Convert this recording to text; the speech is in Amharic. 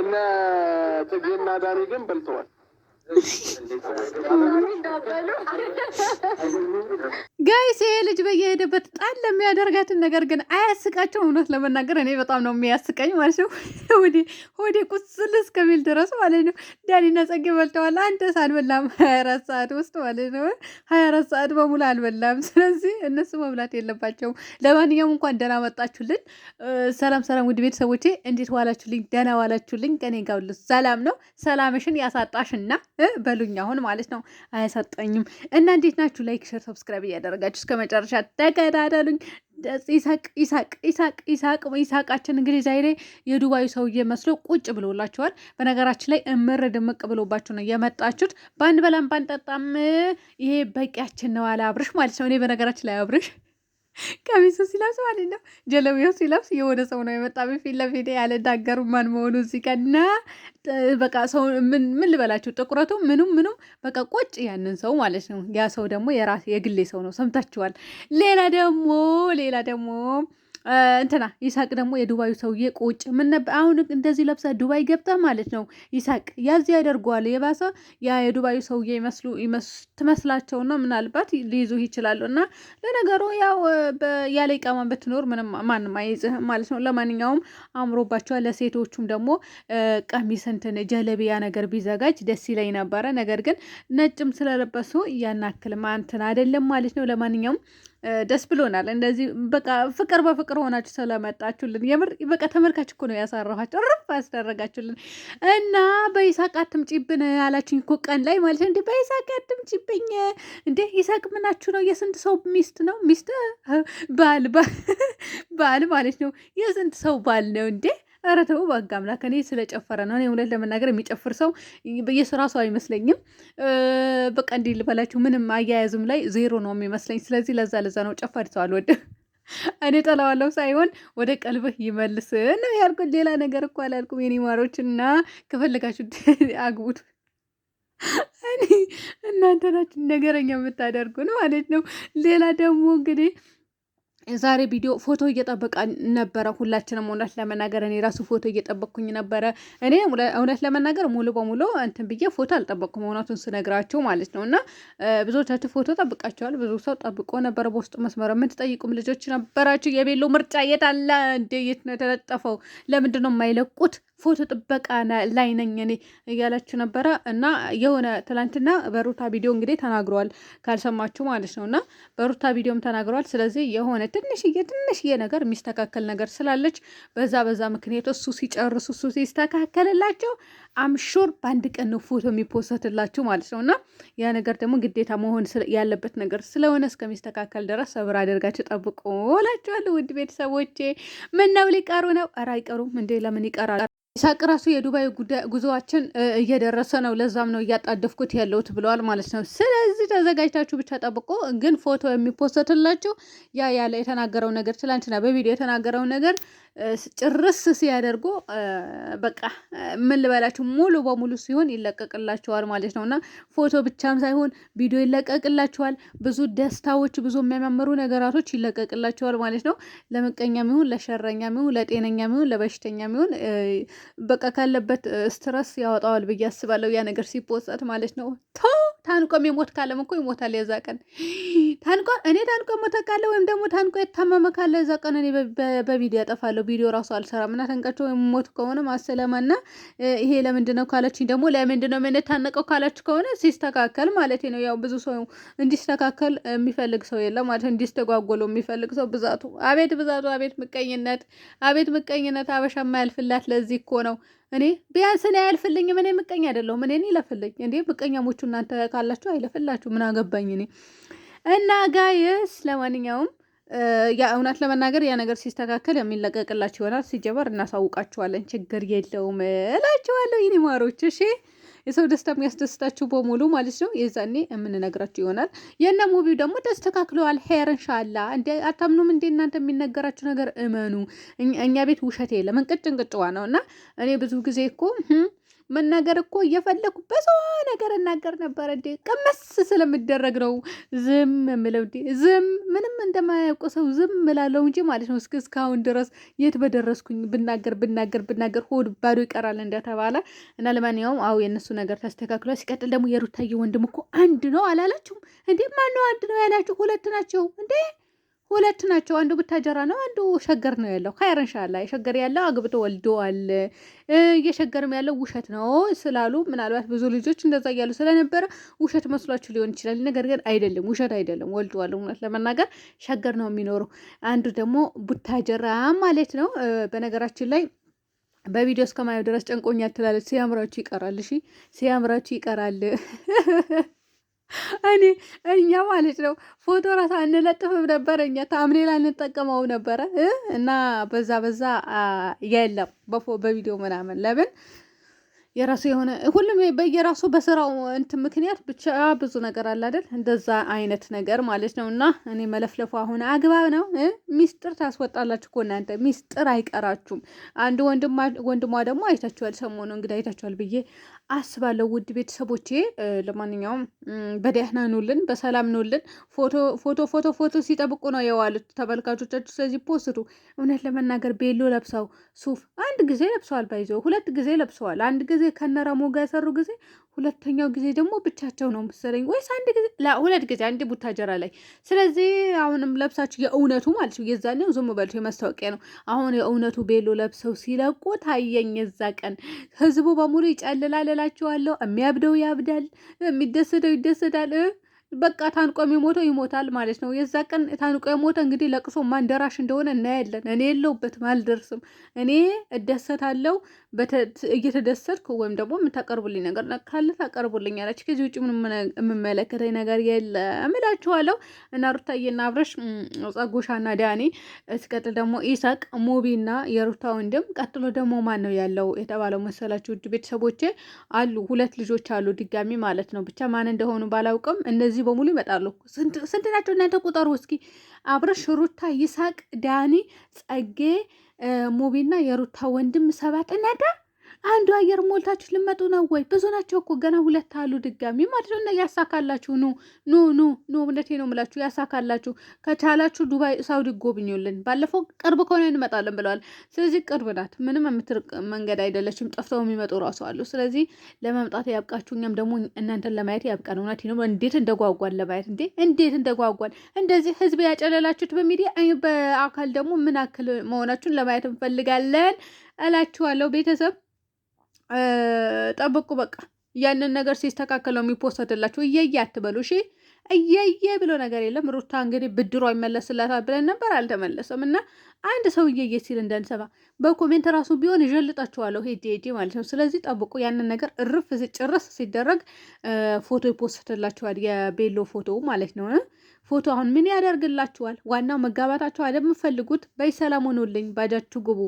እነ ጽጌና ዳኔ ግን በልተዋል። ጋይስ ይሄ ልጅ በየሄደበት ጣል ለሚያደርጋትን ነገር ግን አያስቃቸው እውነት ለመናገር እኔ በጣም ነው የሚያስቀኝ ማለት ነው። ሆዴ ቁስል እስከሚል ድረስ ማለት ነው። ዳኒና ጸጌ በልተዋል። አንተስ አልበላም፣ ሀያ አራት ሰዓት ውስጥ ማለት ነው። ሀያ አራት ሰዓት በሙሉ አልበላም። ስለዚህ እነሱ መብላት የለባቸውም። ለማንኛውም እንኳን ደህና መጣችሁልን። ሰላም ሰላም፣ ውድ ቤተሰቦቼ እንዴት ዋላችሁልኝ? ደህና ዋላችሁልኝ? ቀኔ ጋር ሁሉ ሰላም ነው። ሰላምሽን ያሳጣሽና በሉኝ አሁን ማለት ነው። አያሳጣኝም እና እንዴት ናችሁ? ላይክ፣ ሸር፣ ሰብስክራይብ እያደረጋችሁ እስከ መጨረሻ ተከታተሉኝ። ይሳቅ ይሳቅ ይሳቅ ይሳቅ ይሳቃችን እንግዲህ ዛሬ የዱባዩ ሰውዬ መስሎ ቁጭ ብሎላችኋል። በነገራችን ላይ እምር ድምቅ ብሎባችሁ ነው የመጣችሁት። በአንድ በላም ባንጠጣም ይሄ በቂያችን ነው አለ አብርሽ ማለት ነው። እኔ በነገራችን ላይ አብርሽ ቀሚሱ ሲለብስ ማለት ነው። ጀለቢያው ሲለብስ የሆነ ሰው ነው የመጣ ፊት ለፊት ያለ ማን መሆኑ እዚህ ቀና በቃ ሰው ምን ልበላችሁ፣ ጥቁረቱ ምኑም ምኑም በቃ ቆጭ ያንን ሰው ማለት ነው። ያ ሰው ደግሞ የራሴ የግሌ ሰው ነው። ሰምታችኋል። ሌላ ደግሞ ሌላ ደግሞ እንትና ይሳቅ ደግሞ የዱባዩ ሰውዬ ቁጭ ምን ነበር አሁን እንደዚህ ለብሰ ዱባይ ገብተ ማለት ነው። ይሳቅ ያዚህ ያደርገዋል። የባሰ ያ የዱባዩ ሰውዬ ይመስሉ ትመስላቸው ነው ምናልባት ሊይዙ ይችላሉ። እና ለነገሩ ያው ያለ ኢቃማን ብትኖር ምንም ማንም አይይዝህም ማለት ነው። ለማንኛውም አምሮባቸዋል። ለሴቶቹም ደግሞ ቀሚስ እንትን ጀለቢያ ነገር ቢዘጋጅ ደስ ይለኝ ነበረ። ነገር ግን ነጭም ስለለበሱ እያናክል እንትን አይደለም ማለት ነው። ለማንኛውም ደስ ብሎናል። እንደዚህ በቃ ፍቅር በፍቅር ሆናችሁ ስለመጣችሁልን የምር በቃ ተመልካች እኮ ነው ያሳረኋቸው፣ ርፍ ያስደረጋችሁልን እና በይሳቅ አትምጪብን አላችሁኝ እኮ ቀን ላይ ማለት እንዲ በይሳቅ አትምጪብኝ እንዴ! ይሳቅ ምናችሁ ነው? የስንት ሰው ሚስት ነው ሚስት ባል ባል ማለት ነው። የስንት ሰው ባል ነው እንዴ? ኧረ ተው በሕግ አምላክ። እኔ ስለጨፈረ ነው። እኔ እውነት ለመናገር የሚጨፍር ሰው የስራ ሰው አይመስለኝም። በቃ እንዲህ ልበላችሁ፣ ምንም አያያዝም ላይ ዜሮ ነው የሚመስለኝ። ስለዚህ ለዛ ለዛ ነው ጨፋሪ ሰው አልወድም። እኔ ጠላዋለሁ ሳይሆን ወደ ቀልብህ ይመልስ ነው ያልኩት። ሌላ ነገር እኮ አላልኩም። የኔ ማሮች እና ከፈለጋችሁ አግቡት። እኔ እናንተ ናችሁ ነገረኛ የምታደርጉን ማለት ነው። ሌላ ደግሞ እንግዲህ ዛሬ ቪዲዮ ፎቶ እየጠበቀ ነበረ። ሁላችንም እውነት ለመናገር እኔ ራሱ ፎቶ እየጠበቅኩኝ ነበረ። እኔ እውነት ለመናገር ሙሉ በሙሉ እንትን ብዬ ፎቶ አልጠበቅኩም፣ እውነቱን ስነግራቸው ማለት ነው። እና ብዙዎቻችሁ ፎቶ ጠብቃቸዋል። ብዙ ሰው ጠብቆ ነበረ። በውስጡ መስመር የምትጠይቁም ልጆች ነበራችሁ። የቤሎ ምርጫ የት አለ እንዴ? የት ነው የተለጠፈው? ለምንድን ነው የማይለቁት? ፎቶ ጥበቃ ላይ ነኝ እኔ እያላችሁ ነበረ። እና የሆነ ትላንትና በሩታ ቪዲዮ እንግዲህ ተናግረዋል፣ ካልሰማችሁ ማለት ነው። እና በሩታ ቪዲዮም ተናግረዋል። ስለዚህ የሆነ ትንሽዬ ትንሽዬ ነገር የሚስተካከል ነገር ስላለች በዛ በዛ ምክንያት እሱ ሲጨርሱ እሱ ሲስተካከልላቸው አምሹር በአንድ ቀን ነው ፎቶ የሚፖሰትላችሁ ማለት ነው። እና ያ ነገር ደግሞ ግዴታ መሆን ያለበት ነገር ስለሆነ እስከሚስተካከል ድረስ ሰብር አድርጋችሁ ጠብቆ ላችኋለሁ። ውድ ቤተሰቦቼ ምነው ሊቀሩ ነው? ኧረ አይቀሩም እንዴ! ለምን ይቀራል? ኢሳቅ ራሱ የዱባይ ጉዞዋችን እየደረሰ ነው፣ ለዛም ነው እያጣደፍኩት ያለሁት ብለዋል ማለት ነው። ስለዚህ ተዘጋጅታችሁ ብቻ ጠብቆ ግን ፎቶ የሚፖሰትላችሁ ያ ያለ የተናገረው ነገር ትላንትና በቪዲዮ የተናገረው ነገር ጭርስ ሲያደርጉ በቃ ምን ልበላችሁ ሙሉ በሙሉ ሲሆን ይለቀቅላችኋል ማለት ነው። እና ፎቶ ብቻም ሳይሆን ቪዲዮ ይለቀቅላችኋል። ብዙ ደስታዎች፣ ብዙ የሚያማምሩ ነገራቶች ይለቀቅላችኋል ማለት ነው። ለምቀኛ ሚሆን፣ ለሸረኛ ሚሆን፣ ለጤነኛ ሚሆን፣ ለበሽተኛ ሚሆን በቃ ካለበት ስትረስ ያወጣዋል ብዬ አስባለሁ ያ ነገር ሲፖስት ማለት ነው። ታንቆም የሞት ካለም እኮ ይሞታል። የዛ ቀን ታንቆ እኔ ታንቆ ሞተ ካለ ወይም ደግሞ ታንቆ የታመመ ካለ የዛ ቀን እኔ በቪዲዮ ያጠፋለሁ። ቪዲዮ ራሱ አልሰራም እና ወይም ሞት ከሆነ ማሰለማ እና ይሄ ለምንድን ነው ካለች ደግሞ ለምንድን ነው የምንታነቀው ካለች ከሆነ ሲስተካከል ማለት ነው። ያው ብዙ ሰው እንዲስተካከል የሚፈልግ ሰው የለም ማለት እንዲስተጓጎሎ የሚፈልግ ሰው ብዛቱ፣ አቤት ብዛቱ፣ አቤት ምቀኝነት፣ አቤት ምቀኝነት። አበሻ የማያልፍላት ለዚህ እኮ ነው። እኔ ቢያንስ እኔ አያልፍልኝ ምን ምቀኝ አይደለሁም። እኔን ይለፍልኝ እንዴ! ምቀኛሞቹ እናንተ ካላችሁ አይለፍላችሁ። ምን አገባኝ እኔ እና ጋይስ። ለማንኛውም እውነት ለመናገር ያ ነገር ሲስተካከል የሚለቀቅላችሁ ይሆናል። ሲጀመር እናሳውቃችኋለን። ችግር የለውም እላችኋለሁ። ይኒማሮች እሺ የሰው ደስታ የሚያስደስታችሁ በሙሉ ማለት ነው። የዛኔ የምንነግራችሁ ይሆናል። የነ ሙቢው ደግሞ ተስተካክለዋል። ሄር እንሻላ። እንደ አታምኑም እንዴ እናንተ የሚነገራችሁ ነገር እመኑ። እኛ ቤት ውሸት የለም። እንቅጭ እንቅጭዋ ነው እና እኔ ብዙ ጊዜ እኮ መናገር እኮ እየፈለኩ በሰው ነገር እናገር ነበረ እንዴ ቀመስ ስለምደረግ ነው ዝም የምለው እንዴ ዝም ምንም እንደማያውቁ ሰው ዝም እላለሁ እንጂ ማለት ነው። እስከ እስካሁን ድረስ የት በደረስኩኝ ብናገር ብናገር ብናገር ሆድ ባዶ ይቀራል እንደተባለ እና ለማንኛውም አዎ የእነሱ ነገር ተስተካክሏል። ሲቀጥል ደግሞ የሩታዬ ወንድም እኮ አንድ ነው አላላችሁም እንዴ? ማነው አንድ ነው ያላችሁ? ሁለት ናቸው እንዴ? ሁለት ናቸው። አንዱ ብታጀራ ነው፣ አንዱ ሸገር ነው ያለው። ካየር እንሻላ የሸገር ያለው አግብቶ ወልደዋል፣ እየሸገርም ያለው ውሸት ነው ስላሉ ምናልባት ብዙ ልጆች እንደዛ እያሉ ስለነበረ ውሸት መስሏችሁ ሊሆን ይችላል። ነገር ግን አይደለም፣ ውሸት አይደለም፣ ወልደዋል። እውነት ለመናገር ሸገር ነው የሚኖረው። አንዱ ደግሞ ቡታጀራ ማለት ነው። በነገራችን ላይ በቪዲዮ እስከማየው ድረስ ጨንቆኛል ትላለች። ሲያምራችሁ ይቀራል። እሺ ሲያምራችሁ ይቀራል። እኔ እኛ ማለት ነው ፎቶ ራሱ አንለጥፍም ነበረ። እኛ ታምኔል አንጠቀመው ነበረ እና በዛ በዛ የለም በቪዲዮ ምናምን ለምን የራሱ የሆነ ሁሉም በየራሱ በስራው እንትን ምክንያት ብቻ ብዙ ነገር አለ አይደል? እንደዛ አይነት ነገር ማለት ነው። እና እኔ መለፍለፉ አሁን አግባብ ነው። ሚስጥር ታስወጣላችሁ እኮ እናንተ ሚስጥር አይቀራችሁም። አንድ ወንድሟ ደግሞ አይታችኋል፣ ሰሞኑ እንግዲህ አይታችኋል ብዬ አስባለሁ። ውድ ቤተሰቦቼ ለማንኛውም በደህና ኑልን፣ በሰላም ኑልን። ፎቶ ፎቶ ፎቶ ሲጠብቁ ነው የዋሉት ተመልካቾቻችሁ። ስለዚህ ፖስቱ እውነት ለመናገር ቤሎ ለብሰው ሱፍ አንድ ጊዜ ለብሰዋል። ባይዞ ሁለት ጊዜ ለብሰዋል። አንድ ጊዜ ከነረሙ ጋር የሰሩ ጊዜ፣ ሁለተኛው ጊዜ ደግሞ ብቻቸው ነው መሰለኝ ወይስ አንድ ጊዜ ሁለት ጊዜ አንድ ቡታጀራ ላይ። ስለዚህ አሁንም ለብሳችሁ የእውነቱ ማለት ነው የዛኔው ዝም በልቶ የማስታወቂያ ነው። አሁን የእውነቱ ቤሎ ለብሰው ሲለቁ ታየኝ። የዛ ቀን ህዝቡ በሙሉ ይጨልላል እላችኋለሁ። የሚያብደው ያብዳል፣ የሚደሰደው ይደሰዳል። በቃ ታንቆ የሚሞተው ይሞታል ማለት ነው። የዛ ቀን ታንቆ የሞተ እንግዲህ ለቅሶ ማን ደራሽ እንደሆነ እናያለን። እኔ የለውበትም አልደርስም። እኔ እደሰታለሁ እየተደሰትኩ ወይም ደግሞ የምታቀርቡልኝ ነገር ካለ ታቀርቡልኝ አላች። ከዚህ ውጭ ምን የምመለከተኝ ነገር የለ እላችኋለሁ። እና ሩታዬና አብረሽ ጸጉሻና ዳኒ እስቀጥል ደግሞ ኢሳቅ ሙቢና የሩታ ወንድም ቀጥሎ ደግሞ ማን ነው ያለው የተባለው መሰላችሁ? ውድ ቤተሰቦቼ አሉ ሁለት ልጆች አሉ ድጋሚ ማለት ነው። ብቻ ማን እንደሆኑ ባላውቅም እነዚህ እነዚህ በሙሉ ይመጣሉ። ስንት ናቸው እናንተ ቁጠሩ እስኪ። አብረሽ፣ ሩታ፣ ይሳቅ፣ ዳኒ፣ ጸጌ፣ ሙቢና የሩታ ወንድም ሰባት እናንተ አንዱ አየር ሞልታችሁ ልመጡ ነው ወይ? ብዙ ናቸው እኮ ገና ሁለት አሉ ድጋሚ ማለት ነው። ያሳካላችሁ። ኑ ኑ ኑ ኑ፣ እውነቴ ነው ምላችሁ፣ ያሳካላችሁ። ከቻላችሁ ዱባይ፣ ሳውዲ ጎብኙልን። ባለፈው ቅርብ ከሆነ እንመጣለን ብለዋል። ስለዚህ ቅርብ ናት፣ ምንም የምትርቅ መንገድ አይደለችም። ጠፍተው የሚመጡ ራሱ አሉ። ስለዚህ ለመምጣት ያብቃችሁ፣ እኛም ደግሞ እናንተን ለማየት ያብቃን። እውነቴ ነው። እንዴት እንደጓጓል ለማየት እንዴ! እንዴት እንደጓጓል። እንደዚህ ህዝብ ያጨለላችሁት በሚዲያ በአካል ደግሞ ምን አክል መሆናችሁን ለማየት እንፈልጋለን እላችኋለሁ ቤተሰብ ጠብቁ በቃ ያንን ነገር ሲስተካከለው የሚፖስትላችሁ እየየ አትበሉ እሺ። እየየ ብሎ ነገር የለም። ሩታ እንግዲህ ብድሯ ይመለስላታል ብለን ነበር አልተመለሰም። እና አንድ ሰው እየየ ሲል እንዳንሰባ በኮሜንት ራሱ ቢሆን ይዠልጣችኋለሁ ሄጄ ሄጄ ማለት ነው። ስለዚህ ጠብቁ ያንን ነገር እርፍ ጭርስ ሲደረግ ፎቶ ይፖስትላችኋል። የቤሎ ፎቶ ማለት ነው። ፎቶ አሁን ምን ያደርግላችኋል? ዋናው መጋባታችሁ አይደል? የምፈልጉት በይ ሰላም ሆኖልኝ ባጃችሁ ግቡ።